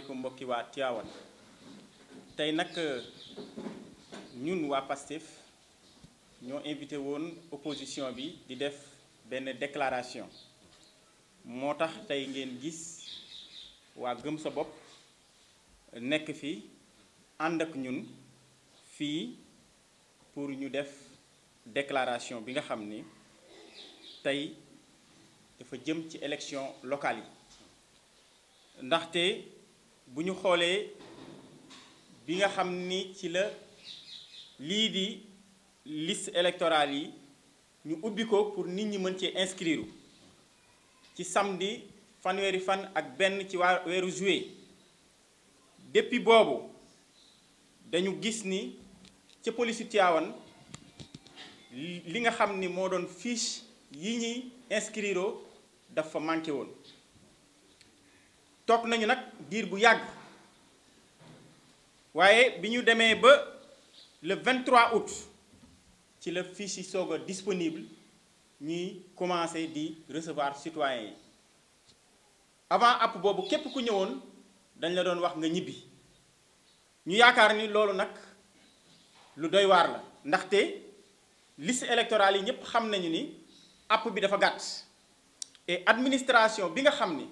asalaamaaleykum mbokki wa Tivaouane tay nak euh, ñun wa PASTEF ñoo invité woon opposition bi di def ben déclaration motax tay ngeen gis wa gëm sa bop nek fi and ak ñun fi pour ñu def déclaration bi nga xamni tay dafa jëm ci élection locale yi ndaxte bu ñu xoolee bi nga xam ni ci la lii di list électorale yi ñu ubbi ko pour nit ñi mën cee inscrire ci samedi fanweeri fan ak benn ci waa weeru juillet depuis boobu dañu gis ni ca polisu Tivaouane li nga xam ni moo doon fiche yi ñuy inscrire dafa manqué woon topp nañu nag diir bu yàgg waaye bi ñu demee ba le 23 août ci la fiche si soog a disponible ñuy commencé di recevoir citoyens yi avant app boobu képp ku ñëwoon dañ la doon wax nga ñibbi ñu yaakaar ni loolu nag lu doy waar la ndaxte liste électorale yi ñëpp xam nañu ni app bi dafa gàtt et administration bi nga xam ni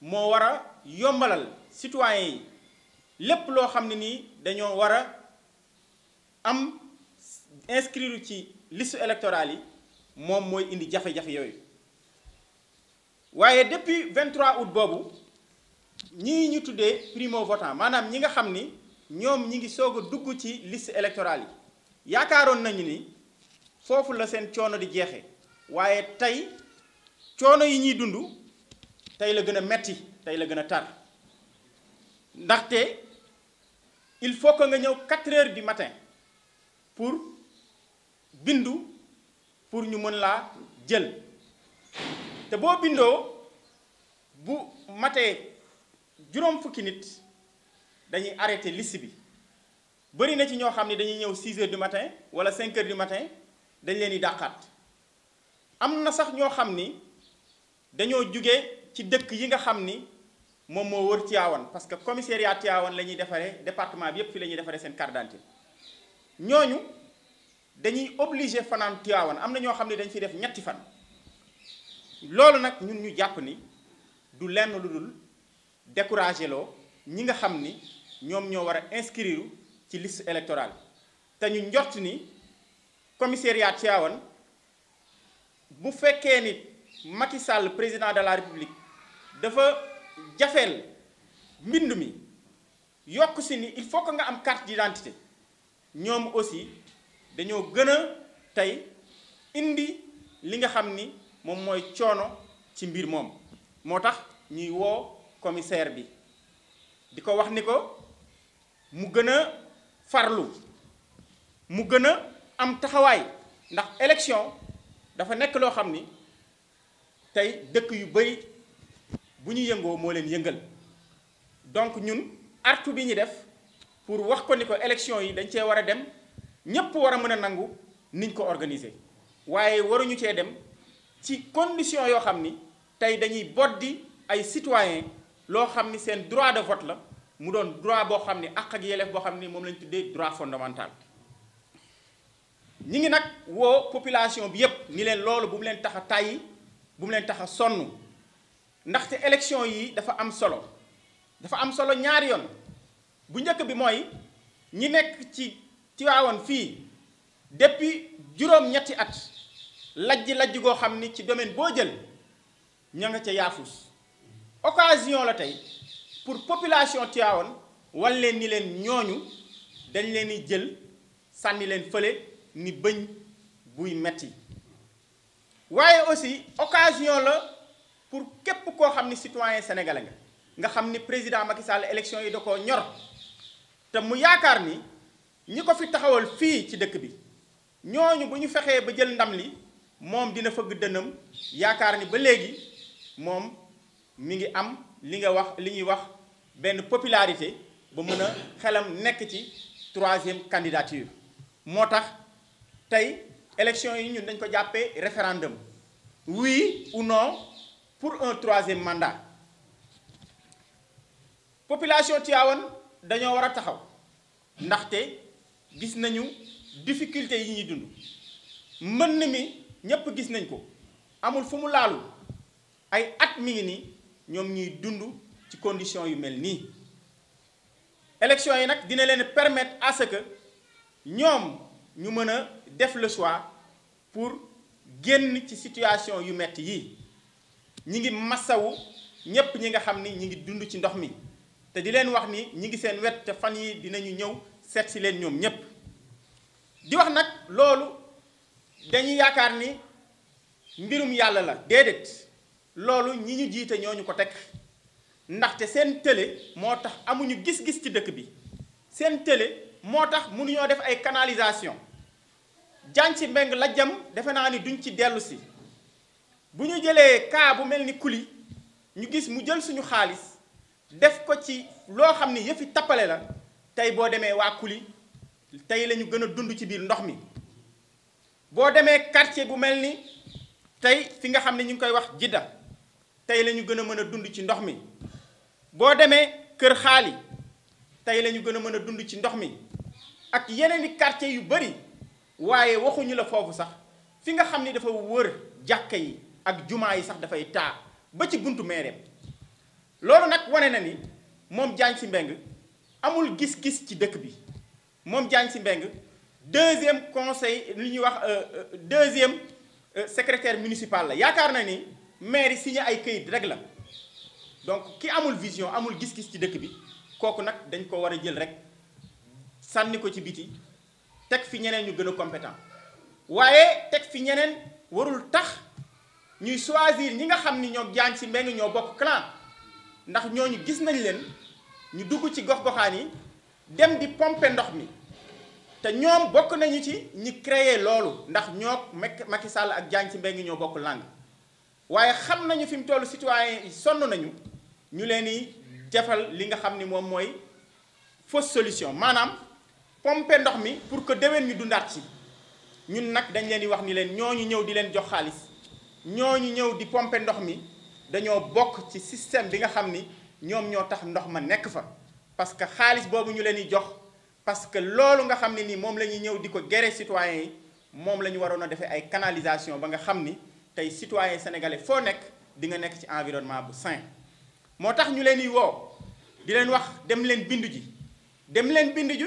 moo war a yombalal citoyen yi lépp loo xam ne nii dañoo war a am inscrire ci liste électorale yi moom mooy indi jafe-jafe yooyu waaye depuis 23 août boobu ñii ñu tuddee primo votant maanaam ñi nga xam ni ñoom ñi ngi soog a dugg ci liste électorale yi yaakaaroon nañu ni foofu la seen coono di jeexe waaye tey coono yi ñuy dund tay la gëna metti tay la gëna a tar ndaxte il faut que nga ñëw 4 heures du matin pour bindu pour ñu mën laa jël te bo bindo bu maté juroom fukki nit dañuy arrêté liste bi bari na ci ño xamni dañuy ñëw 6 heures du matin wala 5 heures du matin dañ leen di dàqaat amna sax ño xamni ni dañoo jugee. ci dëkk yi nga xam ni moom moo wër Tivaouane parce que commissariat Tivaouane la ñuy defaree département bi yépp fi la defaree seen carte d'identité ñooñu dañuy obligé fanaan Tivaouane am na ñoo xam ne dañ fi def ñetti fan loolu nag ñun ñu jàpp ni du lenn lu dul découragé loo ñi nga xam ni ñoom ñoo war a inscrire ci liste électorale te ñu njort ni commissariat Tivaouane bu fekkee nit Macky Sall président de la république dafa jafeel mbind mi yokk si ni il faut que nga am carte d'identité ñoom aussi dañoo gën a tey indi li nga xam ni moom mooy coono ci mbir moom moo tax ñuy woo commissaire bi di ko wax ni ko mu gën a farlu mu gën a am taxawaay ndax élection dafa nekk loo xam ni tey dëkk yu bari bu ñu yëngoo moo leen yëngal donc ñun artu bi ñu def pour wax ko ni ko élection yi dañ cee war a dem ñépp war a mën a nangu niñ ko organiser waaye waruñu cee dem ci condition yoo xam ni tey dañuy boddi ay citoyen loo xam ni seen droit de vote la mu doon droit boo xam ni ak ak yelleef boo xam ni moom lañ tuddee droit fondamental ñi ngi nag woo population bi yépp ni leen loolu bu mu leen tax a tàyyi bu mu leen tax a sonn ndaxte élection yi dafa am solo dafa am solo ñaari yoon bu njëkk bi mooy ñi nekk ci Tivaouane fii depuis juróom-ñetti at lajj-lajj goo xam ni ci domaine boo jël ña nga ca yaafus occasion la tey pour population Tivaouane wan leen ni leen ñooñu dañ leen di jël sànni leen fële ni bëñ buy metti waaye aussi occasion la pour képp koo xam ni citoyen sénégalais nga nga xam ni président Macky Sall élection yi da koo ñor te mu yaakaar ni ñi ko fi taxawal fii ci dëkk bi ñooñu bu ñu fexee ba jël ndam li moom dina fëgg dënam yaakaar ni ba léegi moom mu ngi am li nga wax li ñuy wax benn popularité ba mën a xelam nekk ci troisième candidature moo tax tey élection yi ñun ko référendum oui ou non pour un troisième mandat population Tivaouane dañoo wara a taxaw gis nañu difficulté yi ñi dund mënn mi gis nañ ko amul fumu laalu ay at mi ngi ni ñom dund condition yu élection yi à ce que ñom ñu def le choix pour génn ci situation yu metti yi ñi ngi massawu ñépp ñi nga xam ni ñi ngi dund ci ndox mi te di leen wax ni ñi ngi seen wet te fan yi dinañu ñëw seet si leen ñoom ñépp di wax nag loolu dañuy yaakaar ni mbirum yàlla la déedéet loolu ñi ñu jiite ñooñu ko teg ndaxte seen télé moo tax amuñu gis-gis ci dëkk bi seen télé moo tax mënuñoo def ay canalisation jaan ci mbeng la jam defe naa ni duñ ci dellusi bu ñu jëlee kaa bu mel ni kuli ñu gis mu jël suñu xaalis def ko ci loo xam ne yëfi tappale la tey boo demee waa kuli tey lañu ñu gën a dund ci biir ndox mi boo demee quartier bu mel ni tey fi nga xam ne ñu ngi koy wax jidda tey la ñu gën a mën a dund ci ndox mi boo demee kër xaali tey la ñu gën a mën a dund ci ndox mi ak yeneen i quartier yu bari waaye waxuñu la foofu sax fi nga xam ni dafa wër jàkka yi ak jumaa yi sax dafay taa ba ci buntu meereem loolu nag wane na ni moom Diagne si mbeng amul gis-gis ci dëkk bi moom Diagne Sy Mbengue deuxième conseil li ñuy wax euh, euh, deuxième euh, secretaire municipal la yaakaar na ni maire yi signé ay kayit rek la donc ki amul vision amul gis-gis ci dëkk bi kooku nag dañ ko war a jël rek sànni ko ci biti teg fi ñeneen ñu gën a compétent waaye teg fi ñeneen warul tax ñuy soisir ñi nga xam ni ñoom jaañ si mbeng ñoo bokk clan ndax ñooñu gis nañ leen ñu dugg ci gox-goxaan yi dem di pomper ndox mi te ñoom bokk nañu ci ñi créer loolu ndax ñoo mekk Macky Sall ak jaañ si mbeng ñoo bokk langue waaye xam nañu fi mu toll citoyen yi sonn nañu ñu leen di jafal li nga xam ni moom mooy fausse solution maanaam pomper ndox mi pour que dewen ñu dundaat ci ñun nak dañ leen di wax ni leen ñoñu ñew di leen jox xaliss ñoñu ñew di pomper ndox mi dañoo bok ci système bi nga xamni ñom ñoom ñoo tax ndox ma nek fa parce que xaliss bobu ñu leen di jox parce que loolu nga xamni ne ni moom la ñuy ñëw géré citoyens mom lañu la ñu ay canalisation ba nga xamni tay tey citoyen sénégalais fo nek di nga nek ci environnement bu sain motax ñu leen di wo di leen wax dem leen bindu ji dem leen bindu ji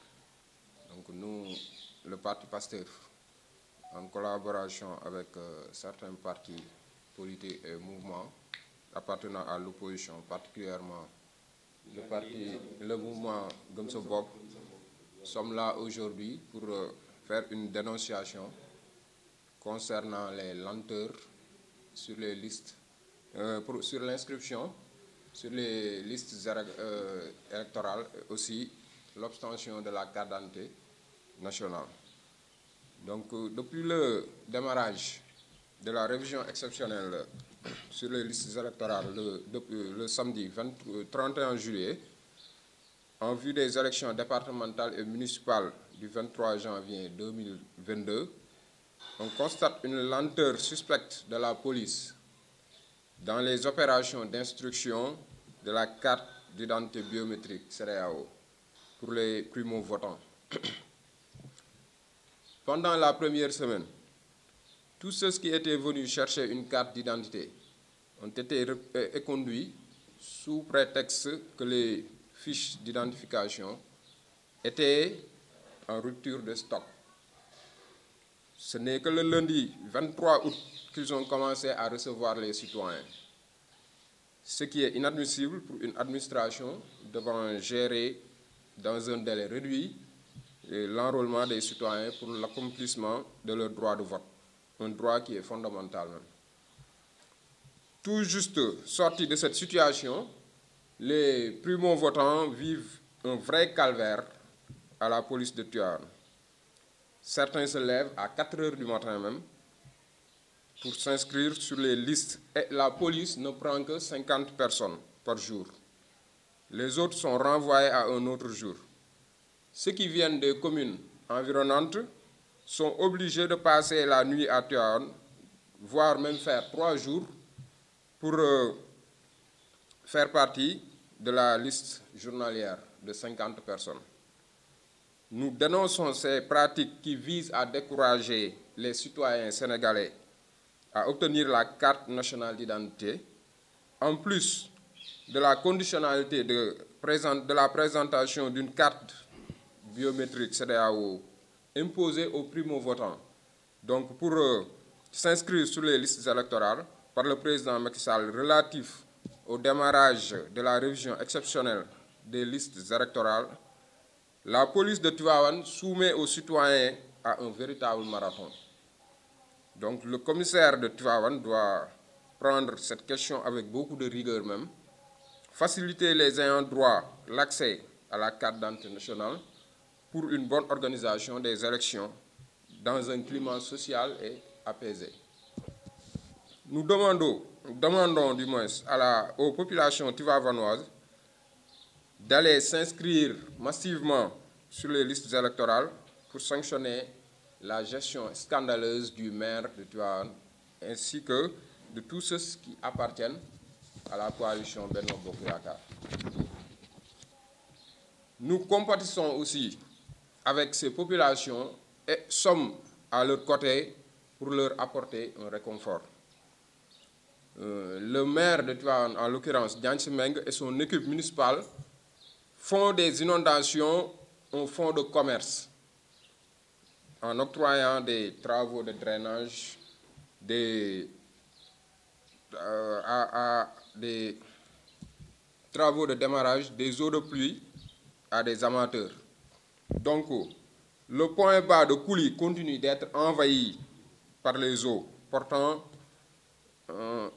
Donc nous, le parti Pasteur, en collaboration avec euh, certains partis politiques et mouvements appartenant à l'opposition, particulièrement le, parti, le mouvement Gumsobob, sommes là aujourd'hui pour euh, faire une dénonciation concernant les lenteurs sur les listes, euh, sur l'inscription, sur les listes électorales aussi l'obtention de la carte d'identité nationale. Donc, euh, depuis le démarrage de la révision exceptionnelle sur les listes électorales le, samedi 31 euh, juillet, en vue des élections départementales et municipales du 23 janvier 2022, on constate une lenteur suspecte de la police dans les opérations d'instruction de la carte d'identité biométrique CREAO pour les primo-votants. Pendant la première semaine, tous ceux qui étaient venus chercher une carte d'identité ont été euh, éconduits sous prétexte que les fiches d'identification étaient en rupture de stock. Ce n'est que le lundi 23 août qu'ils ont commencé à recevoir les citoyens, ce qui est inadmissible pour une administration devant gérer dans un délai réduit, l'enrôlement des citoyens pour l'accomplissement de leur droit de vote, un droit qui est fondamental Tout juste sorti de cette situation, les primo-votants vivent un vrai calvaire à la police de Tuan. Certains se lèvent à 4 heures du matin même pour s'inscrire sur les listes et la police ne prend que 50 personnes par jour. Les autres sont renvoyés à un autre jour. Ceux qui viennent des communes environnantes sont obligés de passer la nuit à Théon, voire même faire trois jours pour euh, faire partie de la liste journalière de 50 personnes. Nous dénonçons ces pratiques qui visent à décourager les citoyens sénégalais à obtenir la carte nationale d'identité, en plus de la conditionnalité de, la présentation d'une carte biométrique CDAO imposée aux primo-votants. Donc pour euh, s'inscrire sur les listes électorales par le président Macky Sall relatif au démarrage de la révision exceptionnelle des listes électorales, la police de Tuawan soumet aux citoyens à un véritable marathon. Donc le commissaire de Tuawan doit prendre cette question avec beaucoup de rigueur même, faciliter les ayants droit l'accès à la carte d'identité nationale pour une bonne organisation des élections dans un climat social et apaisé. Nous demandons, demandons du moins à la, aux populations tivavanoises d'aller s'inscrire massivement sur les listes électorales pour sanctionner la gestion scandaleuse du maire de Tuan ainsi que de tous ceux qui appartiennent à la coalition Benoît Bokuyaka. Nous compatissons aussi avec ces populations et sommes à leur côté pour leur apporter un réconfort. Euh, le maire de Tuan, en l'occurrence Dian et son équipe municipale font des inondations au fond de commerce en octroyant des travaux de drainage des, euh, à, des travaux de démarrage des eaux de pluie à des amateurs. Donc, le point bas de coulis continue d'être envahi par les eaux. Euh, pourtant, euh,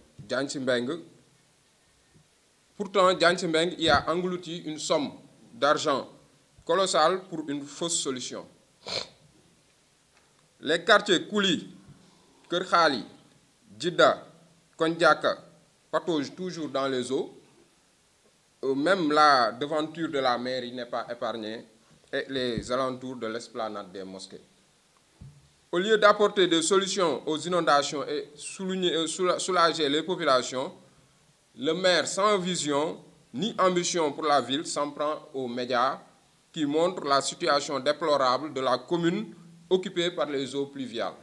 pourtant Djansimbeng y a englouti une somme d'argent colossale pour une fausse solution. Les quartiers Kouli, Kerkhali, Djida, Kondiaka, patauge toujours dans les eaux. Euh, même la devanture de la mer, n'est pas épargnée et les alentours de l'esplanade des mosquées. Au lieu d'apporter des solutions aux inondations et euh, soulager les populations, le maire sans vision ni ambition pour la ville s'en prend aux médias qui montrent la situation déplorable de la commune occupée par les eaux pluviales.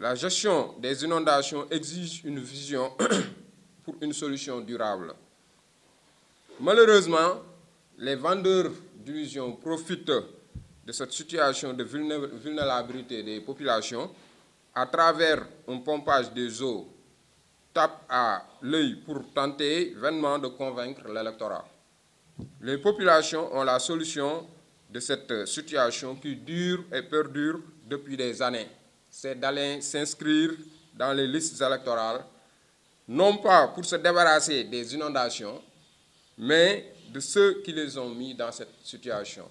La gestion des inondations exige une vision pour une solution durable. Malheureusement, les vendeurs d'illusions profitent de cette situation de vulnérabilité des populations à travers un pompage des eaux tape à l'œil pour tenter vainement de convaincre l'électorat. Les populations ont la solution de cette situation qui dure et perdure depuis des années c'est d'aller s'inscrire dans les listes électorales, non pas pour se débarrasser des inondations, mais de ceux qui les ont mis dans cette situation.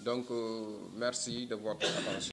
Donc, euh, merci de votre attention.